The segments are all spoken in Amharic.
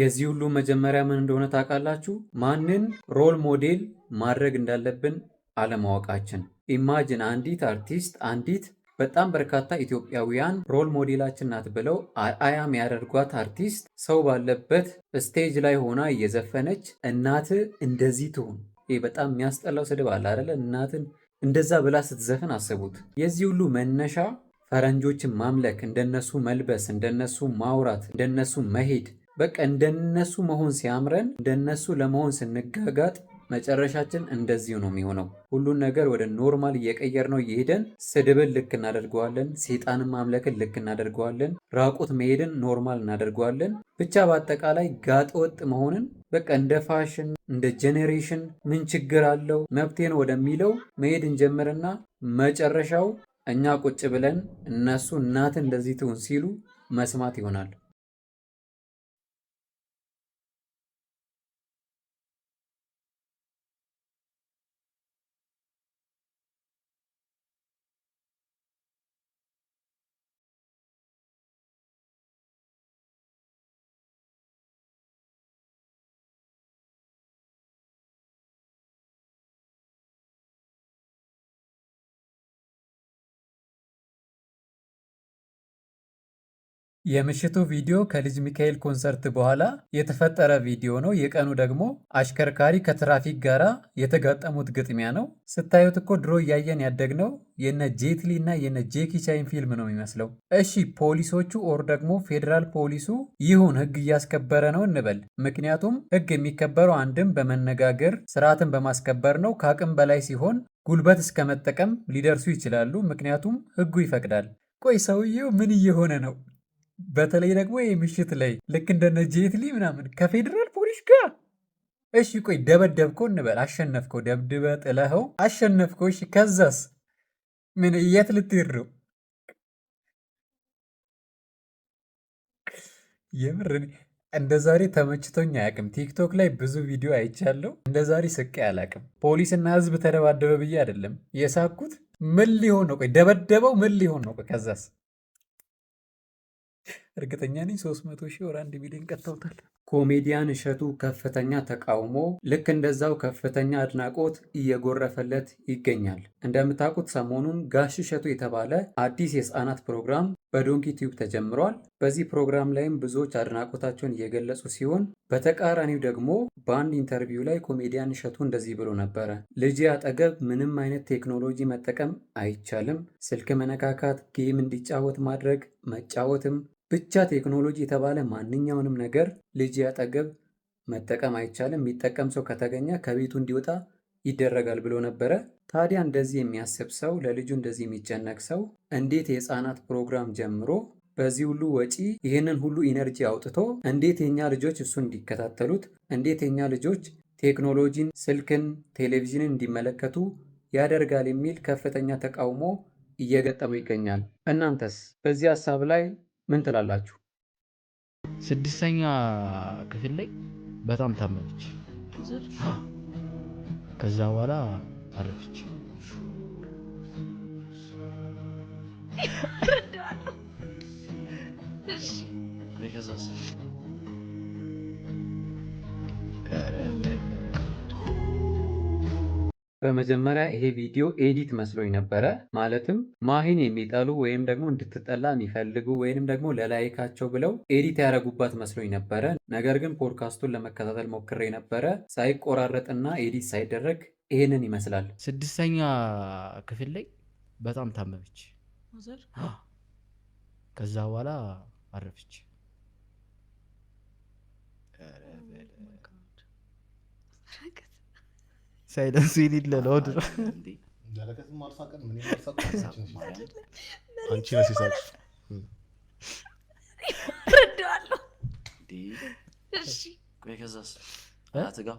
የዚህ ሁሉ መጀመሪያ ምን እንደሆነ ታውቃላችሁ? ማንን ሮል ሞዴል ማድረግ እንዳለብን አለማወቃችን። ኢማጅን አንዲት አርቲስት አንዲት በጣም በርካታ ኢትዮጵያውያን ሮል ሞዴላችን ናት ብለው አያም ያደርጓት አርቲስት ሰው ባለበት ስቴጅ ላይ ሆና እየዘፈነች እናት እንደዚህ ትሁን። ይህ በጣም የሚያስጠላው ስድብ አለ አይደለ? እናትን እንደዛ ብላ ስትዘፍን አስቡት። የዚህ ሁሉ መነሻ ፈረንጆችን ማምለክ፣ እንደነሱ መልበስ፣ እንደነሱ ማውራት፣ እንደነሱ መሄድ በቃ እንደነሱ መሆን ሲያምረን እንደነሱ ለመሆን ስንጋጋጥ መጨረሻችን እንደዚሁ ነው የሚሆነው። ሁሉን ነገር ወደ ኖርማል እየቀየር ነው እየሄደን ስድብን ልክ እናደርገዋለን፣ ሴጣንን ማምለክን ልክ እናደርገዋለን፣ ራቁት መሄድን ኖርማል እናደርገዋለን። ብቻ በአጠቃላይ ጋጥ ወጥ መሆንን በቃ እንደ ፋሽን እንደ ጄኔሬሽን ምን ችግር አለው መብቴን ወደሚለው መሄድ እንጀምርና መጨረሻው እኛ ቁጭ ብለን እነሱ እናትን እንደዚህ ትሁን ሲሉ መስማት ይሆናል። የምሽቱ ቪዲዮ ከልጅ ሚካኤል ኮንሰርት በኋላ የተፈጠረ ቪዲዮ ነው። የቀኑ ደግሞ አሽከርካሪ ከትራፊክ ጋራ የተጋጠሙት ግጥሚያ ነው። ስታዩት እኮ ድሮ እያየን ያደግነው የነ ጄትሊ እና የነ ጄኪ ቻይን ፊልም ነው የሚመስለው። እሺ ፖሊሶቹ ኦር ደግሞ ፌዴራል ፖሊሱ ይሁን ህግ እያስከበረ ነው እንበል። ምክንያቱም ህግ የሚከበረው አንድም በመነጋገር ስርዓትን በማስከበር ነው። ከአቅም በላይ ሲሆን ጉልበት እስከ መጠቀም ሊደርሱ ይችላሉ። ምክንያቱም ህጉ ይፈቅዳል። ቆይ ሰውየው ምን እየሆነ ነው? በተለይ ደግሞ ይህ ምሽት ላይ ልክ እንደነ ጄትሊ ምናምን ከፌዴራል ፖሊስ ጋር እሺ፣ ቆይ ደበደብከው እንበል፣ አሸነፍከው፣ ደብድበ ጥለኸው አሸነፍከው። እሺ፣ ከዛስ ምን እየት ልትሄድ ነው? የምር እንደ ዛሬ ተመችቶኝ አያውቅም። ቲክቶክ ላይ ብዙ ቪዲዮ አይቻለሁ፣ እንደ ዛሬ ስቄ አላውቅም። ፖሊስና ህዝብ ተደባደበ ብዬ አይደለም የሳኩት። ምን ሊሆን ነው? ቆይ ደበደበው፣ ምን ሊሆን ነው? ቆይ ከዛስ እርግጠኛ ነኝ 300 ሺህ ወር አንድ ሚሊዮን ቀጥተውታል። ኮሜዲያን እሸቱ ከፍተኛ ተቃውሞ ልክ እንደዛው ከፍተኛ አድናቆት እየጎረፈለት ይገኛል። እንደምታውቁት ሰሞኑን ጋሽ እሸቱ የተባለ አዲስ የህፃናት ፕሮግራም በዶንኪ ቲዩብ ተጀምሯል። በዚህ ፕሮግራም ላይም ብዙዎች አድናቆታቸውን እየገለጹ ሲሆን፣ በተቃራኒው ደግሞ በአንድ ኢንተርቪው ላይ ኮሜዲያን እሸቱ እንደዚህ ብሎ ነበረ። ልጅ አጠገብ ምንም አይነት ቴክኖሎጂ መጠቀም አይቻልም። ስልክ መነካካት፣ ጌም እንዲጫወት ማድረግ፣ መጫወትም ብቻ ቴክኖሎጂ የተባለ ማንኛውንም ነገር ልጅ አጠገብ መጠቀም አይቻልም፣ የሚጠቀም ሰው ከተገኘ ከቤቱ እንዲወጣ ይደረጋል ብሎ ነበረ። ታዲያ እንደዚህ የሚያስብ ሰው ለልጁ እንደዚህ የሚጨነቅ ሰው እንዴት የህፃናት ፕሮግራም ጀምሮ በዚህ ሁሉ ወጪ ይህንን ሁሉ ኢነርጂ አውጥቶ እንዴት የኛ ልጆች እሱ እንዲከታተሉት እንዴት የኛ ልጆች ቴክኖሎጂን፣ ስልክን፣ ቴሌቪዥንን እንዲመለከቱ ያደርጋል የሚል ከፍተኛ ተቃውሞ እየገጠመው ይገኛል። እናንተስ በዚህ ሀሳብ ላይ ምን ትላላችሁ? ስድስተኛ ክፍል ላይ በጣም ታመመች። ከዛ በኋላ አረፈች። በመጀመሪያ ይሄ ቪዲዮ ኤዲት መስሎኝ ነበረ። ማለትም ማሂን የሚጠሉ ወይም ደግሞ እንድትጠላ የሚፈልጉ ወይንም ደግሞ ለላይካቸው ብለው ኤዲት ያደረጉባት መስሎኝ ነበረ። ነገር ግን ፖድካስቱን ለመከታተል ሞክሬ ነበረ። ሳይቆራረጥና ኤዲት ሳይደረግ ይሄንን ይመስላል። ስድስተኛ ክፍል ላይ በጣም ታመመች። ከዛ በኋላ አረፈች። ሳይለንስ የሌለ ነው። ድሮ ረዳዋለሁ። ከዛስ አያት ጋ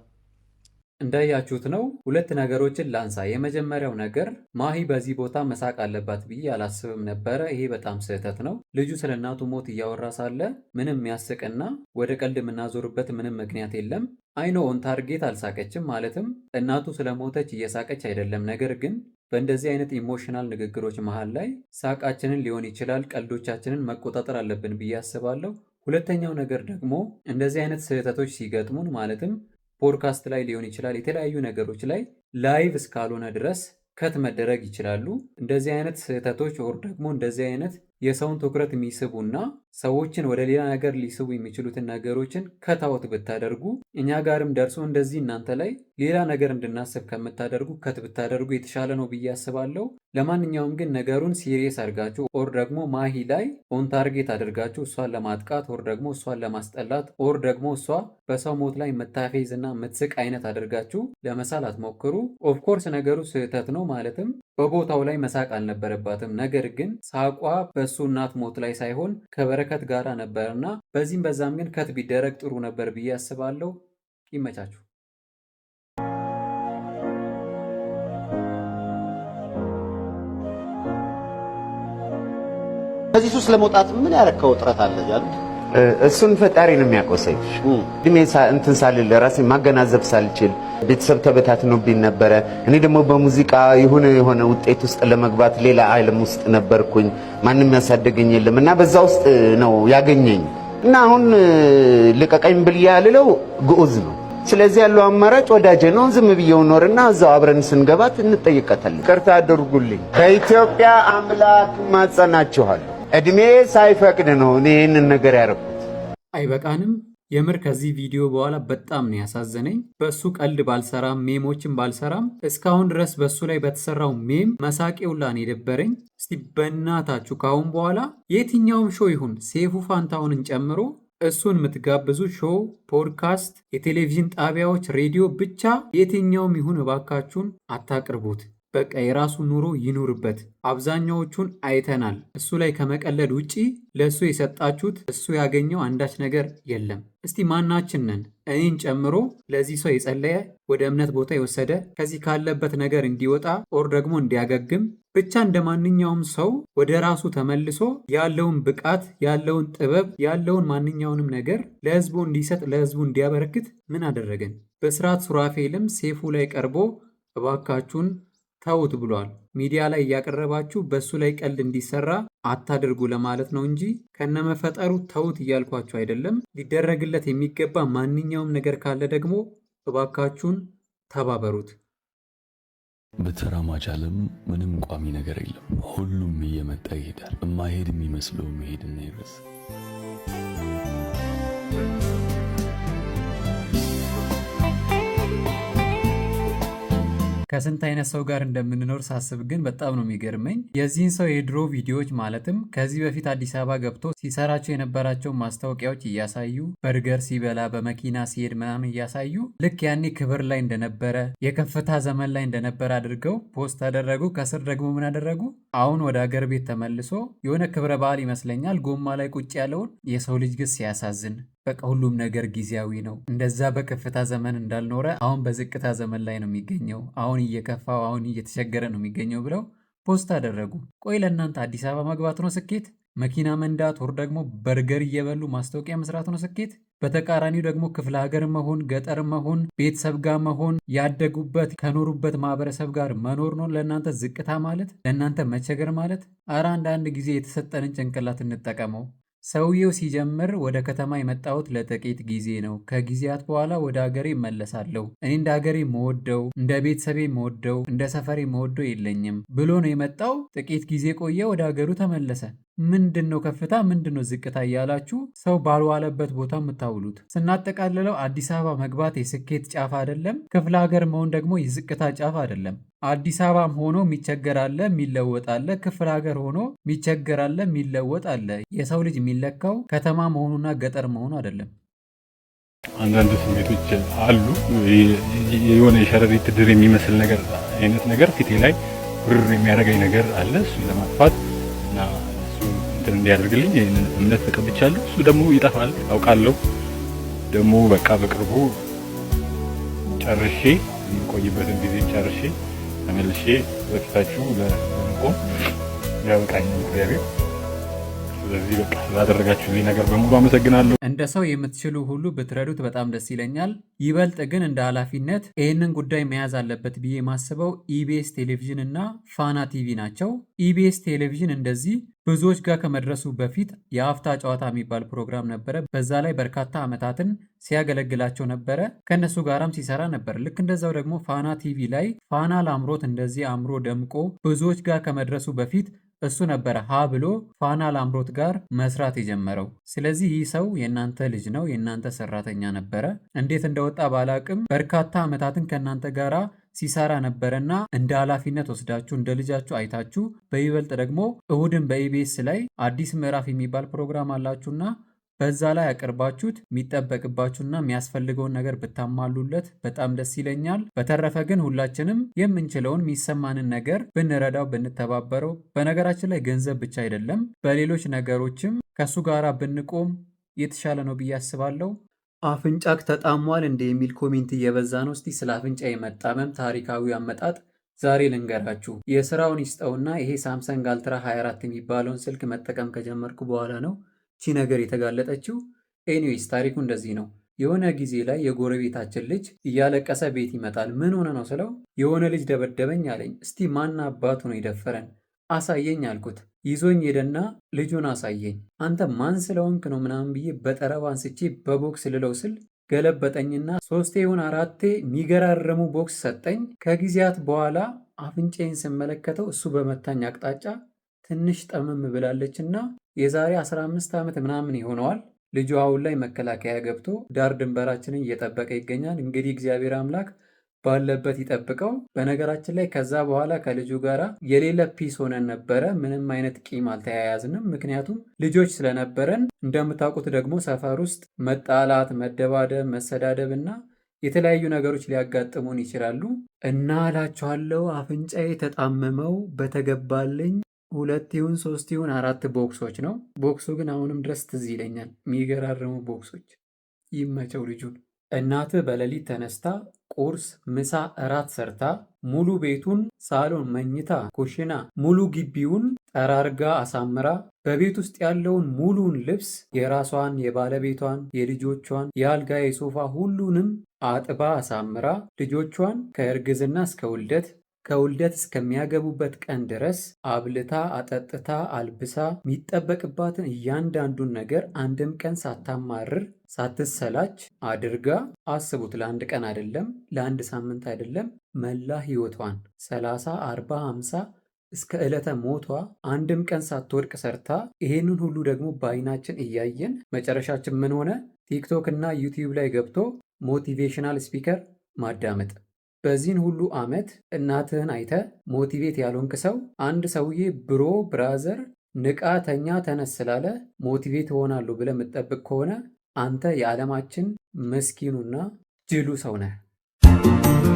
እንዳያችሁት ነው። ሁለት ነገሮችን ላንሳ። የመጀመሪያው ነገር ማሂ በዚህ ቦታ መሳቅ አለባት ብዬ አላስብም ነበረ። ይሄ በጣም ስህተት ነው። ልጁ ስለ እናቱ ሞት እያወራ ሳለ ምንም የሚያስቅና ወደ ቀልድ የምናዞርበት ምንም ምክንያት የለም። አይኖ ኦን ታርጌት አልሳቀችም። ማለትም እናቱ ስለሞተች እየሳቀች አይደለም። ነገር ግን በእንደዚህ አይነት ኢሞሽናል ንግግሮች መሃል ላይ ሳቃችንን ሊሆን ይችላል ቀልዶቻችንን መቆጣጠር አለብን ብዬ አስባለሁ። ሁለተኛው ነገር ደግሞ እንደዚህ አይነት ስህተቶች ሲገጥሙን ማለትም ፖድካስት ላይ ሊሆን ይችላል፣ የተለያዩ ነገሮች ላይ ላይቭ እስካልሆነ ድረስ ከት መደረግ ይችላሉ። እንደዚህ አይነት ስህተቶች ኦር ደግሞ እንደዚህ አይነት የሰውን ትኩረት የሚስቡና ሰዎችን ወደ ሌላ ነገር ሊስቡ የሚችሉትን ነገሮችን ከታወት ብታደርጉ እኛ ጋርም ደርሶ እንደዚህ እናንተ ላይ ሌላ ነገር እንድናስብ ከምታደርጉ ከት ብታደርጉ የተሻለ ነው ብዬ አስባለሁ። ለማንኛውም ግን ነገሩን ሲሪየስ አድርጋችሁ ኦር ደግሞ ማሂ ላይ ኦን ታርጌት አድርጋችሁ እሷን ለማጥቃት ኦር ደግሞ እሷን ለማስጠላት ኦር ደግሞ እሷ በሰው ሞት ላይ የምታፌዝ እና የምትስቅ አይነት አድርጋችሁ ለመሳል አትሞክሩ። ኦፍኮርስ ነገሩ ስህተት ነው ማለትም በቦታው ላይ መሳቅ አልነበረባትም። ነገር ግን ሳቋ በእሱ እናት ሞት ላይ ሳይሆን ከበረ ከት ጋራ ነበር እና በዚህም በዛም ግን ከት ቢደረግ ጥሩ ነበር ብዬ አስባለሁ። ይመቻችሁ። ከዚህ ሱስ ለመውጣት ምን ያረከው ጥረት አለ ያሉት እሱን ፈጣሪ ነው የሚያቆሰኝ። ሰይፍ እድሜ እንትን ሳልል ራሴ ማገናዘብ ሳልችል ቤተሰብ ተበታትኖብኝ ነበረ። እኔ ደግሞ በሙዚቃ የሆነ የሆነ ውጤት ውስጥ ለመግባት ሌላ ዓለም ውስጥ ነበርኩኝ። ማንም ያሳደገኝ የለም እና በዛ ውስጥ ነው ያገኘኝ እና አሁን ልቀቀኝ ብል ያልለው ግዑዝ ነው። ስለዚህ ያለው አማራጭ ወዳጄ ነው። ዝም ብዬው ኖርና እዛው አብረን ስንገባት እንጠይቀታለን። ቅርታ አድርጉልኝ። በኢትዮጵያ አምላክ ማጸናችኋለሁ። እድሜ ሳይፈቅድ ነው ይህንን ነገር ያደረኩት። አይበቃንም? የምር ከዚህ ቪዲዮ በኋላ በጣም ነው ያሳዘነኝ። በእሱ ቀልድ ባልሰራም ሜሞችን ባልሰራም እስካሁን ድረስ በእሱ ላይ በተሰራው ሜም መሳቄ ውላን የደበረኝ። እስቲ በእናታችሁ ካሁን በኋላ የትኛውም ሾው ይሁን ሴፉ ፋንታውንን ጨምሮ እሱን የምትጋብዙ ሾው፣ ፖድካስት፣ የቴሌቪዥን ጣቢያዎች፣ ሬዲዮ ብቻ የትኛውም ይሁን እባካችሁን አታቅርቡት። በቃ የራሱን ኑሮ ይኑርበት። አብዛኛዎቹን አይተናል። እሱ ላይ ከመቀለድ ውጪ ለእሱ የሰጣችሁት እሱ ያገኘው አንዳች ነገር የለም። እስቲ ማናችንን እኔን ጨምሮ ለዚህ ሰው የጸለየ ወደ እምነት ቦታ የወሰደ ከዚህ ካለበት ነገር እንዲወጣ ኦር ደግሞ እንዲያገግም ብቻ እንደ ማንኛውም ሰው ወደ ራሱ ተመልሶ ያለውን ብቃት ያለውን ጥበብ ያለውን ማንኛውንም ነገር ለህዝቡ እንዲሰጥ ለህዝቡ እንዲያበረክት ምን አደረገን? በስርዓት ሱራፌልም ሴፉ ላይ ቀርቦ እባካችሁን ተውት ብሏል። ሚዲያ ላይ እያቀረባችሁ በእሱ ላይ ቀልድ እንዲሰራ አታድርጉ ለማለት ነው እንጂ ከነመፈጠሩ ተውት እያልኳችሁ አይደለም። ሊደረግለት የሚገባ ማንኛውም ነገር ካለ ደግሞ እባካችሁን ተባበሩት። በተራማጅ ዓለም ምንም ቋሚ ነገር የለም። ሁሉም እየመጣ ይሄዳል። የማይሄድ የሚመስለው መሄድና you. ከስንት አይነት ሰው ጋር እንደምንኖር ሳስብ ግን በጣም ነው የሚገርመኝ። የዚህን ሰው የድሮ ቪዲዮዎች ማለትም ከዚህ በፊት አዲስ አበባ ገብቶ ሲሰራቸው የነበራቸውን ማስታወቂያዎች እያሳዩ በርገር ሲበላ በመኪና ሲሄድ ምናምን እያሳዩ ልክ ያኔ ክብር ላይ እንደነበረ የከፍታ ዘመን ላይ እንደነበረ አድርገው ፖስት አደረጉ። ከስር ደግሞ ምን አደረጉ? አሁን ወደ ሀገር ቤት ተመልሶ የሆነ ክብረ በዓል ይመስለኛል ጎማ ላይ ቁጭ ያለውን የሰው ልጅ ግስ ሲያሳዝን በቃ ሁሉም ነገር ጊዜያዊ ነው። እንደዛ በከፍታ ዘመን እንዳልኖረ አሁን በዝቅታ ዘመን ላይ ነው የሚገኘው፣ አሁን እየከፋው፣ አሁን እየተቸገረ ነው የሚገኘው ብለው ፖስት አደረጉ። ቆይ ለእናንተ አዲስ አበባ መግባት ነው ስኬት? መኪና መንዳት ወር ደግሞ በርገር እየበሉ ማስታወቂያ መስራት ነው ስኬት? በተቃራኒው ደግሞ ክፍለ ሀገር መሆን፣ ገጠር መሆን፣ ቤተሰብ ጋር መሆን፣ ያደጉበት ከኖሩበት ማህበረሰብ ጋር መኖር ነው ለእናንተ ዝቅታ ማለት፣ ለእናንተ መቸገር ማለት። አረ አንዳንድ ጊዜ የተሰጠንን ጭንቅላት እንጠቀመው። ሰውየው ሲጀምር ወደ ከተማ የመጣሁት ለጥቂት ጊዜ ነው። ከጊዜያት በኋላ ወደ ሀገሬ እመለሳለሁ። እኔ እንደ ሀገሬ መወደው፣ እንደ ቤተሰቤ መወደው፣ እንደ ሰፈሬ መወደው የለኝም ብሎ ነው የመጣው። ጥቂት ጊዜ ቆየ፣ ወደ ሀገሩ ተመለሰ። ምንድን ነው ከፍታ፣ ምንድን ነው ዝቅታ እያላችሁ ሰው ባልዋለበት ቦታ የምታውሉት። ስናጠቃልለው አዲስ አበባ መግባት የስኬት ጫፍ አይደለም። ክፍለ ሀገር መሆን ደግሞ የዝቅታ ጫፍ አይደለም። አዲስ አበባም ሆኖ የሚቸገር አለ የሚለወጥ አለ። ክፍለ ሀገር ሆኖ የሚቸገር አለ የሚለወጥ አለ። የሰው ልጅ የሚለካው ከተማ መሆኑና ገጠር መሆኑ አይደለም። አንዳንድ ስሜቶች አሉ። የሆነ የሸረሪት ድር የሚመስል ነገር አይነት ነገር ፊቴ ላይ ብር የሚያደርገኝ ነገር አለ። እሱ ለማጥፋት እና እሱ እንትን እንዲያደርግልኝ ይህንን እምነት ተቀብቻለሁ። እሱ ደግሞ ይጠፋል አውቃለሁ። ደግሞ በቃ በቅርቡ ጨርሼ የሚቆይበትን ጊዜ ጨርሼ ተመልሼ በፊታችሁ ለመቆም ያበቃኝ እግዚአብሔር ስለዚህ በቃ ላደረጋችሁልኝ ነገር በሙሉ አመሰግናለሁ። እንደ ሰው የምትችሉ ሁሉ ብትረዱት በጣም ደስ ይለኛል። ይበልጥ ግን እንደ ኃላፊነት ይህንን ጉዳይ መያዝ አለበት ብዬ የማስበው ኢቢኤስ ቴሌቪዥን እና ፋና ቲቪ ናቸው። ኢቢኤስ ቴሌቪዥን እንደዚህ ብዙዎች ጋር ከመድረሱ በፊት የአፍታ ጨዋታ የሚባል ፕሮግራም ነበረ። በዛ ላይ በርካታ ዓመታትን ሲያገለግላቸው ነበረ። ከእነሱ ጋራም ሲሰራ ነበር። ልክ እንደዛው ደግሞ ፋና ቲቪ ላይ ፋና ላምሮት እንደዚህ አምሮ ደምቆ ብዙዎች ጋር ከመድረሱ በፊት እሱ ነበረ ሀ ብሎ ፋና ላምሮት ጋር መስራት የጀመረው። ስለዚህ ይህ ሰው የእናንተ ልጅ ነው፣ የእናንተ ሰራተኛ ነበረ። እንዴት እንደወጣ ባላቅም በርካታ ዓመታትን ከእናንተ ጋራ ሲሰራ ነበረና እንደ ኃላፊነት ወስዳችሁ እንደ ልጃችሁ አይታችሁ በይበልጥ ደግሞ እሁድን በኢቢኤስ ላይ አዲስ ምዕራፍ የሚባል ፕሮግራም አላችሁና በዛ ላይ ያቀርባችሁት የሚጠበቅባችሁና የሚያስፈልገውን ነገር ብታማሉለት በጣም ደስ ይለኛል። በተረፈ ግን ሁላችንም የምንችለውን የሚሰማንን ነገር ብንረዳው ብንተባበረው፣ በነገራችን ላይ ገንዘብ ብቻ አይደለም፣ በሌሎች ነገሮችም ከእሱ ጋር ብንቆም የተሻለ ነው ብዬ አስባለሁ። አፍንጫክ ተጣሟል እንደ የሚል ኮሜንት እየበዛ ነው። እስቲ ስለ አፍንጫ የመጣመም ታሪካዊ አመጣጥ ዛሬ ልንገራችሁ። የስራውን ይስጠውና ይሄ ሳምሰንግ አልትራ 24 የሚባለውን ስልክ መጠቀም ከጀመርኩ በኋላ ነው ቺ ነገር የተጋለጠችው ኤኒዌይስ ታሪኩ እንደዚህ ነው። የሆነ ጊዜ ላይ የጎረቤታችን ልጅ እያለቀሰ ቤት ይመጣል። ምን ሆነ ነው ስለው የሆነ ልጅ ደበደበኝ አለኝ። እስቲ ማን አባቱ ነው የደፈረን አሳየኝ አልኩት። ይዞኝ ሄደና ልጁን አሳየኝ። አንተ ማን ስለሆንክ ነው ምናምን ብዬ በጠረባ አንስቼ በቦክስ ልለው ስል ገለበጠኝና ሶስቴ ይሁን አራቴ የሚገራረሙ ቦክስ ሰጠኝ። ከጊዜያት በኋላ አፍንጫዬን ስመለከተው እሱ በመታኝ አቅጣጫ ትንሽ ጠመም ብላለችና የዛሬ 15 ዓመት ምናምን ይሆነዋል ልጁ አሁን ላይ መከላከያ ገብቶ ዳር ድንበራችንን እየጠበቀ ይገኛል። እንግዲህ እግዚአብሔር አምላክ ባለበት ይጠብቀው። በነገራችን ላይ ከዛ በኋላ ከልጁ ጋር የሌለ ፒስ ሆነን ነበረ። ምንም አይነት ቂም አልተያያዝንም፣ ምክንያቱም ልጆች ስለነበረን። እንደምታውቁት ደግሞ ሰፈር ውስጥ መጣላት፣ መደባደብ፣ መሰዳደብ እና የተለያዩ ነገሮች ሊያጋጥሙን ይችላሉ እና እላችኋለሁ አፍንጫዬ ተጣመመው በተገባልኝ ሁለት ይሁን ሶስት ይሁን አራት ቦክሶች ነው። ቦክሱ ግን አሁንም ድረስ ትዝ ይለኛል። የሚገራረሙ ቦክሶች። ይመቸው ልጁን። እናትህ በሌሊት ተነስታ ቁርስ፣ ምሳ፣ እራት ሰርታ ሙሉ ቤቱን ሳሎን፣ መኝታ፣ ኩሽና፣ ሙሉ ግቢውን ጠራርጋ አሳምራ በቤት ውስጥ ያለውን ሙሉን ልብስ የራሷን፣ የባለቤቷን፣ የልጆቿን፣ የአልጋ፣ የሶፋ ሁሉንም አጥባ አሳምራ ልጆቿን ከእርግዝና እስከ ውልደት ከውልደት እስከሚያገቡበት ቀን ድረስ አብልታ፣ አጠጥታ፣ አልብሳ የሚጠበቅባትን እያንዳንዱን ነገር አንድም ቀን ሳታማርር ሳትሰላች አድርጋ አስቡት። ለአንድ ቀን አይደለም፣ ለአንድ ሳምንት አይደለም፣ መላ ህይወቷን 30፣ 40፣ 50 እስከ ዕለተ ሞቷ አንድም ቀን ሳትወድቅ ሰርታ ይሄንን ሁሉ ደግሞ በአይናችን እያየን መጨረሻችን ምን ሆነ? ቲክቶክ እና ዩቲዩብ ላይ ገብቶ ሞቲቬሽናል ስፒከር ማዳመጥ በዚህን ሁሉ ዓመት እናትህን አይተ ሞቲቬት ያልሆንክ ሰው አንድ ሰውዬ ብሮ ብራዘር ንቃተኛ ተነስላለ ተነስ ስላለ ሞቲቬት እሆናለሁ ብለ የምጠብቅ ከሆነ አንተ የዓለማችን ምስኪኑና ጅሉ ሰው ነህ።